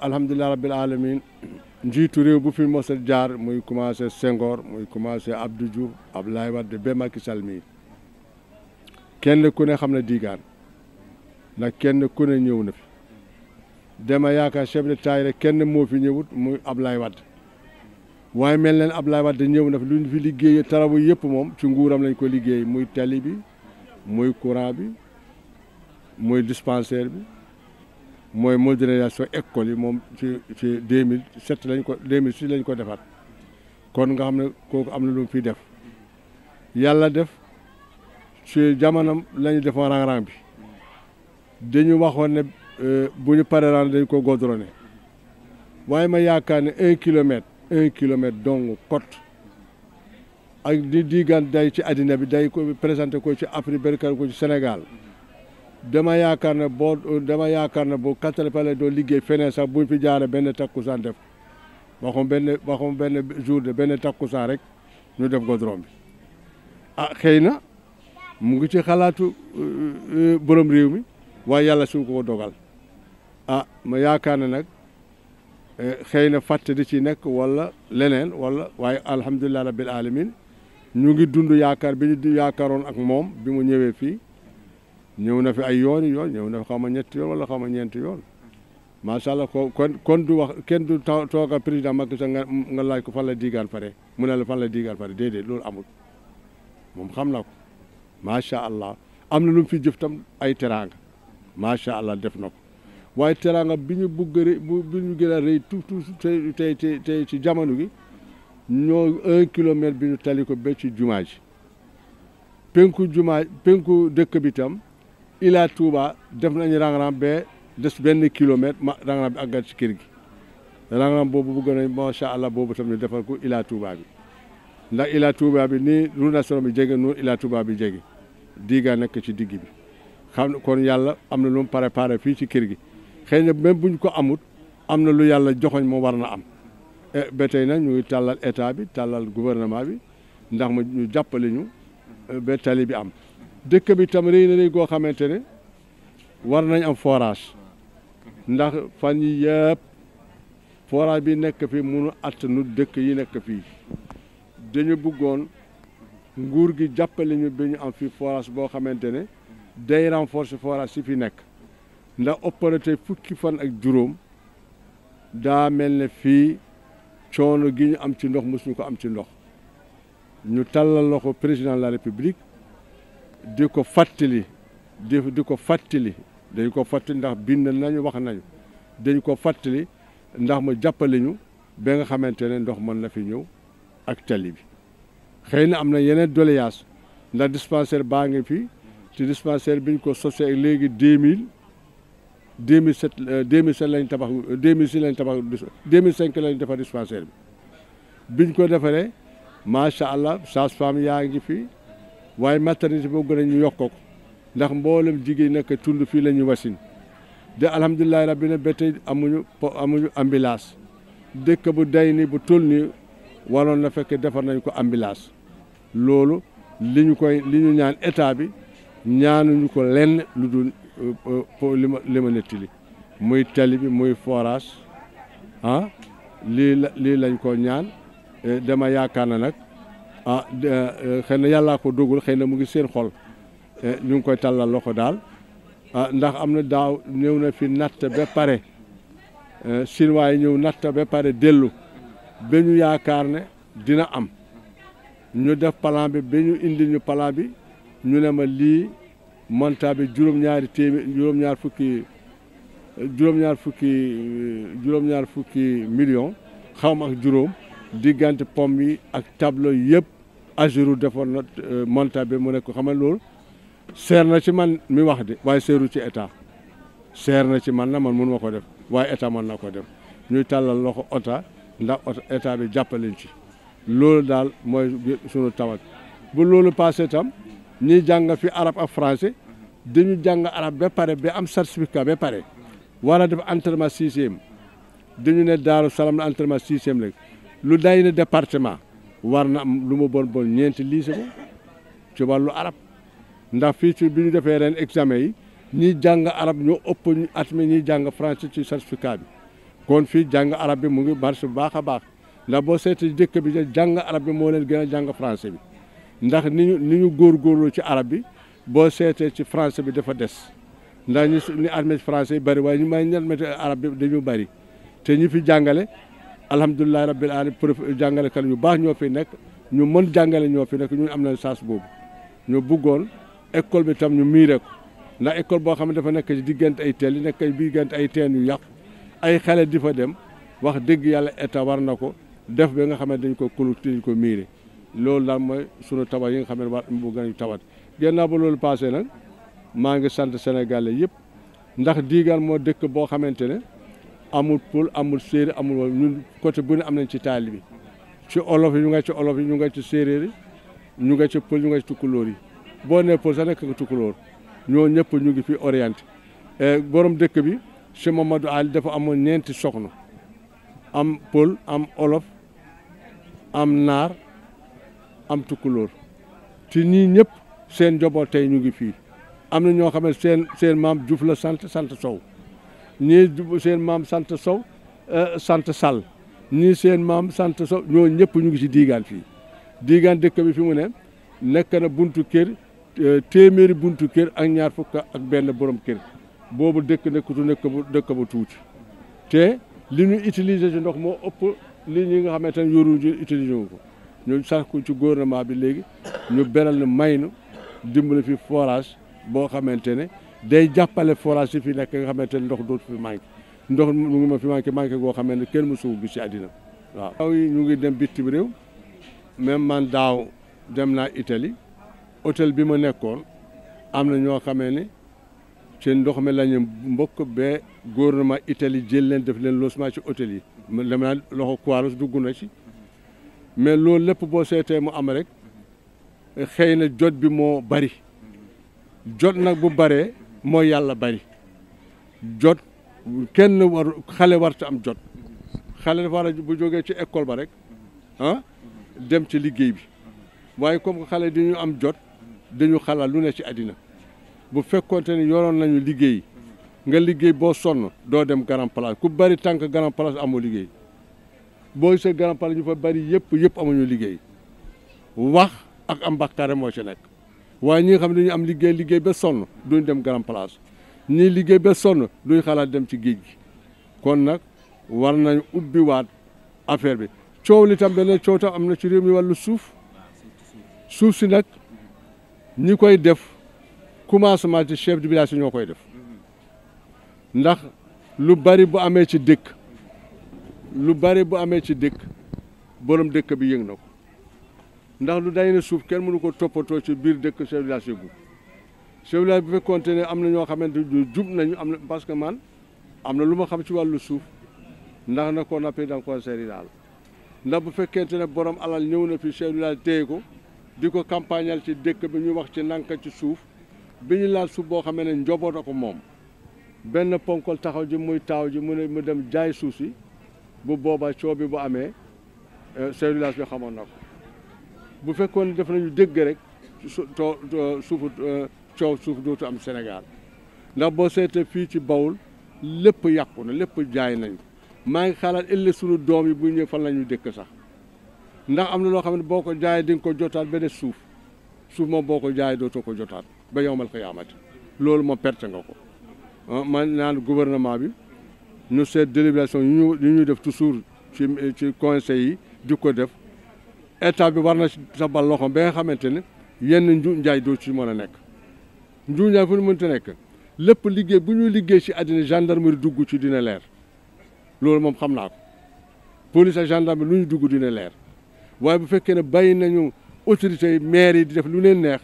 alhamdulilah rabbil alamin njiitu réew bu fi moset a jaar muy commencé Senghor muy commencé Abdou Diouf Abdoulaye Wade ba Macky Sall kenn ku ne xam na diigaan nag kenn ku ne ñëw na fi dama yaakaar chef de taille rek kenn moo fi ñëwut muy Abdoulaye Wade waaye mel leen Abdoulaye Wade ñëw na fi lu ñu fi liggéey tarabu yëpp moom ci nguuram lañ ko liggéey muy tali bi muy courant bi muy dispensaire bi mooy modernisation école yi moom ci ci deux mille sept lañ ko deux mille six lañ ko defaat kon nga xam ne kooku am na lu mu fiy def yàlla def ci jamono lañu defoon rang-rang bi dañu waxoon ne euh, bu ñu paree rang dañ ko godroné waaye ma yaakaar ne un kilomètre un kilomètre dong côte ak di diigaan day ci àddina bi day ko présenté ko ci Afrique berkal ko ci Sénégal dama yaakaar ne boo dama yaakaar ne bu Caterpillar doo liggéey feneen sax buñ fi jaare benn takkusaan def waxum benn waxum benn jour de benn takkusaan rek ñu def goudron bi ah xëy na mu ngi ci xalaatu euh, euh, borom réew mi waaye yàlla si ko dogal ah ma yaakaar ne nag. Eh, xëy na fàtte di ci nekk wala leneen wala waaye alhamdulilah rabbil alamin ñu ngi dund yaakaar bi ñu yaakaaroon ak moom bi mu ñëwee fii ñëw na fi ay yoon yoon ñëw na fi xaw ma ñetti yoon wala xaw ma ñeenti yoon macha allah ko kon kon du wax kenn du tooga président Macky nga nga laaj ko fan la diigaan pare mu ne la fan la diigaan pare déedéet loolu amul moom xam na ko macha allah am na lu mu fi jëf tam ay teraanga macha allah def na ko. waaye teraanga bi ñu bugg a bi ñu gën a rëy tout tout tey tey tey ci jamono gi ñoo un bi ñu tali ko ba ci jumaa penku jumaa penku dëkk bi tam Ila Touba def nañu rang-rang des benn kilomètre ma bi àggat ci kër gi rang-rang boobu bugg nañ macha allah boobu tam ñu defal ko Ila Touba bi ndax Ila Touba bi nii route nationale bi jege noonu Ila Touba bi jege diiga nekk ci digg bi xam kon yàlla am na lu mu préparé fii ci kër gi. xëy na même buñ ko amut am na lu yàlla joxoñ mu war na am eh, ba tey nag ñu tàllal état bi tàllal gouvernement bi ndax ma ñu jàppale ñu eh, tali bi am dëkk bi tam réy na réy goo xamante ne war nañ am forage ndax fan yi yëpp forage bi nekk fi munu nu dëkk yi nekk fii dañu bëggoon nguur gi jàppale ñu ba ñu am fi forage boo xamante ne day renforcer forage si fi nekk ndax opérateur fukki fan ak juróom daa mel ne fii coono gi ñu am ci ndox mu mosuñu ko am ci ndox ñu tàllal loxo président de la république di ko fàttali di ko fàttali dañ ko fàttali ndax bind nañu wax nañu dañ ko fàttali ndax mu jàppale ñu ba nga xamante ne ndox mën na fi ñëw ak tali bi xëy na am na yeneen doléance ndax dispensaire baa ngi fi ci dispensaire biñ ko sosee léegi deux mille 2007 2007 lañ tabax 2006 lañ tabax 2005 lañ defar dispensaire bi biñ ko defaree macha allah sage-femme yaa ngi fi waaye maternité boobu gën a ñu yokk ko ndax mboolem jigéen nekk tund fii la ñu wasin de alhamdulilahi rabbi na ba tey amuñu amuñu ambulance dëkk bu day ni bu toll ni waroon na fekk defar nañ ko ambulance loolu li ñu koy li ñu ñaan état bi ñaanuñu ko lenn lu dul Euh, euh, pour li ma li ma muy tali bi muy forage ah, lii la lii lañ ko ñaan eh, dama yaakaar na nag ah eh, xëy na yàllaa ko dogul xëy na mu ngi seen xol eh, ñu ngi koy tàllal loxo daal ah ndax am na daaw ñëw na fi natt ba pare chinois yi ñëw natt ba pare dellu ba ñu yaakaar ne dina am ñu def plan bi ba ñu indi ñu plan bi ñu ne ma lii montaabe juróom-ñaari téeméer juróom fukki juróom-ñaar fukki juróom-ñaar fukki million xawma ak juróom diggante pom yi ak tableau yëpp ajuru defoon na euh, bi mu ne ko xamal loolu seer na ci man mi wax de waaye seeru ci état seer na ci man na man mënuma ko def waaye état mën na ko def ñuy tàllal loxo ota ndax état bi jàppaleñ ci loolu daal mooy sunu tawat bu loolu passé tam ñiy jàng fi arab ak français dañu jàng arab ba pare ba am certificat ba pare war a def entraînement sixième dañu ne Daaru Salaam la entraînement sixième la lu day ne département war na am lu mu bon bon ñeenti liise ko ci wàllu arab ndax fii ci bi ñu defee ren examen yi ñiy jàng arab ñoo ëpp ñu at mi ñiy jàng français ci certificat bi kon fii jàng arab bi mu ngi marché bu baax a baax ndax boo seetee dëkk bi jàng arab bi moo leen gën a jàng français bi ndax ni ñu góor ñu ci arab bi boo seetee ci français bi dafa des ndax ñu suñu armée français yi bari waaye ñu may armée arabe bi dañu bëri te ñu fi jàngale alhamdulilah rabbil alamin jàngale jàngalekat yu baax ñoo fi nekk ñu mën jàngale ñoo fi nekk ñun am na chance boobu ñu buggoon école bi tam ñu miire ko ndax école boo xam ne dafa nekk ci diggante ay teel yi nekk ay diggante ay teen yu yàqu ay xale di fa dem wax dëgg yàlla état war na ko def ba nga xam ne dañ ko clôturer dañ ko miire loolu daal mooy sunu tabax yi nga xam ne war bu gën a tawat gannaaw ba loolu passé nag maa ngi sant sénégalais yëpp ndax diigaan moo dëkk boo xamante ne amul pël amul séeréer amul wala côté bu ne am nañ ci taali bi ci olof yi ñu nga ci olof yi ñu nga ci séeréer yi ñu nga ci pël ñu nga ci tukkulóor yi boo nee pël sa nekk nga tukkulóor ñoo ñëpp ñu ngi fi orienté eh, borom dëkk bi si Mamadou Ali dafa amoon ñeenti soxna am pël am olof am naar am tukkulóor te ñii ñëpp seen njaboot tey ñu ngi fii am na ñoo xam ne seen seen maam Diouf sant sant Sow ñii seen maam sant Sow euh, sant Sall ñii seen maam sant Sow ñoo ñëpp ñu ngi si diigaan fii diigaan dëkk bi fi mu ne nekk na buntu kër euh, téeméeri buntu kër ak ñaar fukk ak benn borom kër boobu dëkk nekkatu nekk bu dëkk bu tuuti te li ñu utiliser ci ndox moo ëpp li ñi nga xamante ne yoruñu utiliser wu ko ñu sàkku ci gouvernement bi léegi ñu beral na may dimbali fi forage boo xamante ne day jàppale forage yi fi nekk nga xamante ne ndox dootu fi manqué ndox mu ngi ma fi manqué manqué goo xamante ne kenn mësu ko gis ci àddina waaw. ñu ngi dem bitim réew même man daaw dem naa Italie hôtel bi ma nekkoon am na ñoo xamee ni seen ndox mi la ñu mbokk ba gouvernement Italie jël leen def leen logement ci hôtel yi. man dem naa loxo Croix-Rouge dugg na ci mais loolu lépp boo seetee mu am rek. xëy na jot bi moo bari jot nag bu baree mooy yàlla bari jot kenn war xale warta am jot xale dafa war a bu jógee ci ecole ba rek ah dem ci liggéey bi waaye comme que xale dañu am jot dañu xalaat lu ne ci àddina bu fekkoonte ne yoroon nañu liggéey nga liggéey boo sonn doo dem grand place ku bari tànk grand place amoo liggéey boo gisee grand place ñu fa bari yëpp yëpp amuñu liggéey wax. ak am bàkkaare moo ci nekk waaye ñi xam ne dañu am liggéey liggéey be sonn duñu dem grand place ñii liggéey ba sonn duñ xalaat dem ci géej gi kon nag war nañ ubbi waat affaire bi coow li tam beneen coow tam am na ci réew mi wàllu suuf suuf si nag ñi koy def commencement ci chef de village ñoo koy def ndax lu bari bu amee ci dëkk lu bari bu amee ci dëkk borom dëkk bi yëng na ko ndax lu dañu ne suuf kenn mënu ko toppatoo ci biir dëkk chef village yëgu chef village bu fekkoonte ne am na ñoo xamante ne jub nañu am na parce que man am na lu ma xam ci wàllu suuf ndax na ko nappee da nga ko ndax bu fekkente ne borom alal ñëw na fi chef village ko di ko campagnal ci dëkk bi ñuy wax ci nanka ci suuf bi ñu laal suuf boo xamee ne njoboot ko moom benn ponkol taxaw ji muy taaw ji mu ne mu dem jaay suuf si bu boobaa coow bi bu amee eh, service bi xamoon na ko bu fekkoon ne def nañu dégg rek su too suufu euh, coow suuf dootu am Sénégal ndax boo seetee fii ci bawul lépp yàqu na lépp jaay nañu maa ngi xalaat ëllëg suñu doom yi bu ñëw fan la ñuy dëkk sax ndax am na loo xam ne boo ko jaayee di ko jotaat beneen suuf suuf moom boo ko jaay dootu ko jotaat ba yowmal xiyaamati loolu moom perte nga ko ah, man naan gouvernement bi ñu seet délibération yu ñu def toujours ci ci conseil yi di ko def état bi war na ci tabal loxo ba nga xamante ne yenn nju njaay doo ci mën a nekk nju njaay fu ñu mënta nekk lépp liggéey bu ñuy liggéey si àddina gendarmerie dugg ci dina leer loolu moom xam naa ko police ak gendarmerie lu ñu dugg dina leer waaye bu fekkee ne bàyyi nañu autorités yi maire yi di def lu leen neex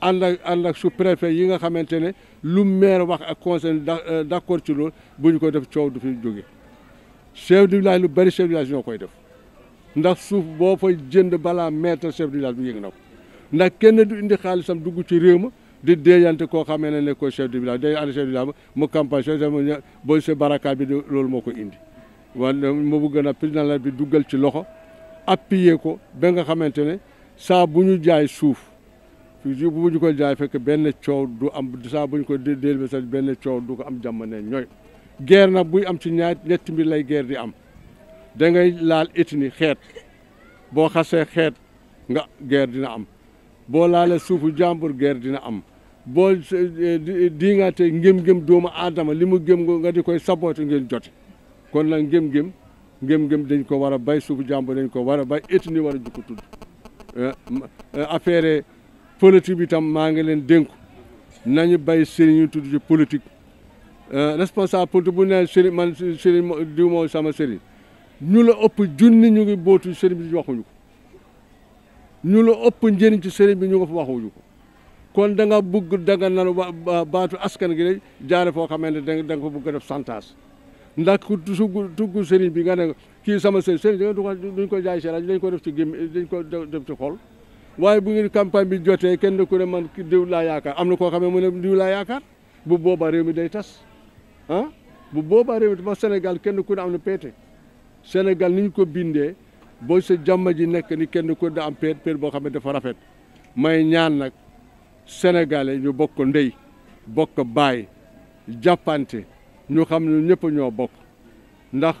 ànd ak ànd ak su préfet yi nga xamante ne lu maire wax ak conseil euh, d'accord ci loolu bu ñu ko def coow du fi jóge chef du village lu bari chef du koy def ndax suuf boo fay jënd balaa maître chef du village bi yëg na ko ndax kenn du indi xaalisam dugg ci réew ma di déeyante koo xamee ne nekkoo chef du village day ànd chef mu campagne chef booy se baraka bi loolu moo ko indi wan ma bëgg na président la bi duggal ci loxo appuyer ko ba nga xamante ne saa bu ñu jaay suuf bu ñu ko jaay fekk benn coow du am saa bu ñu ko déel ba sax benn coow du ko am jàmm ne ñooy guerre nag buy am si ñaar ñetti mbir lay guerre di am da ngay laal ethnie xeet boo xasee xeet nga guerre dina am boo laalee suufu jàmbur guerre dina am boo diingaatee ngëm-ngëm doomu aadama li mu gëm nga di koy saboote ngeen joti kon nag ngëm-ngëm ngëm-ngëm dañ ko war a bay suufu jàmbur dañ ko war a bay ethnie war a jukko tudd eh, eh, affaire politique bi tam maa ngi leen dénku nañu bay sëriñ ñu tudd ci politique eh, responsable politique bu ne sëriñ man sëriñ diw mooy sama sëriñ ñu la ëpp junni ñu ngi bootu sëriñ bi waxuñu ko ñu la ëpp njëriñ ci sëriñ bi ñu nga fa waxuñu ko kon da nga bugg daganal baatu askan gi rek jaare foo xamante ne da nga fa bugg def santaas ndax ku tugg sëriñ bi nga ne kii sama sëriñ sëriñ duñ ko jaay seeraaj dañ ko def ci gémmi dañ ko def ci xol waaye bu ngeen campagne bi jotee kenn ku ne man diw laa yaakaar am na koo xam ne mu ne diw laa yaakaar bu booba réew mi day tas ah, bu boobaa réew mi ma Sénégal kenn ku ne am na péete Sénégal niñ ko bindee boo sa jàmm ji nekk ni kenn ko da am peer peer boo xam ne dafa rafet may ñaan nag sénégalais ñu bokk ndey bokk baay jàppante ñu xam ne ñëpp ñoo bokk ndax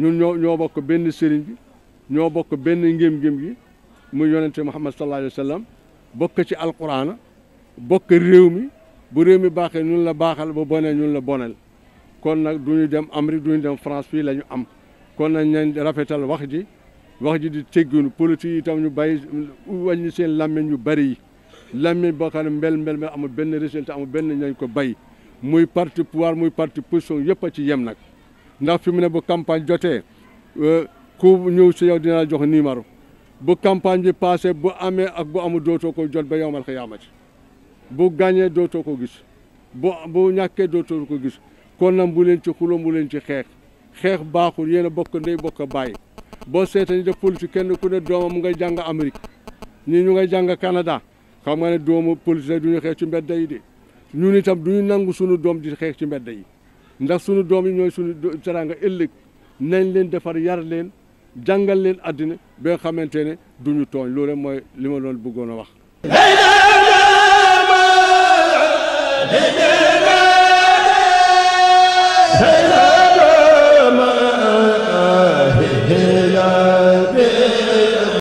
ñun ñoo ñoo bokk benn sëriñ bi ñoo bokk benn ngëm-ngëm gi mu yonente Muhammad sallallahu alayhi wa sallam bokk ci alquraan bokk réew mi bu réew mi baaxee ñun la baaxal bu bonee ñu la bonal kon nag du ñu dem Amérique du ñu dem France fii la ñu am kon nañ nañ rafetal wax ji wax ji di tegginu politique yi tam ñu bàyyi wàññi seen làmmiñ yu bari yi làmmiñ boo xam ne mbel mbel mbel amul benn résultat amul benn nañ ko bay muy parti pouvoir muy parti position yëpp a ci yem nag ndax fi mu ne bu campagne jotee euh, ku ñëw si yow dina la jox numéro bu campagne bi passé bu amee ak bu amul dootoo ko jot ba yowmal xiyaamati bu gàñee dootoo ko gis bu bu ñàkkee dootoo ko gis kon nag bu leen ci xuloo bu leen ci xeex xeex baaxul yéen a bokk ndey bokk a bàyyi boo seetee ñu def politique kenn ku ne doomam nga jàng Amérique ñii ñu ngay jàng Canada xam nga ne doomu politique du ñu xeex ci mbedd yi de ñun itam du ñu nangu suñu doom di xeex ci mbedd yi ndax suñu doom yi ñooy suñu teraanga ëllëg nañ leen defar yar leen jàngal leen àddina ba nga xamante ne du ñu tooñ loolu mooy li ma bëggoon a wax. Hey!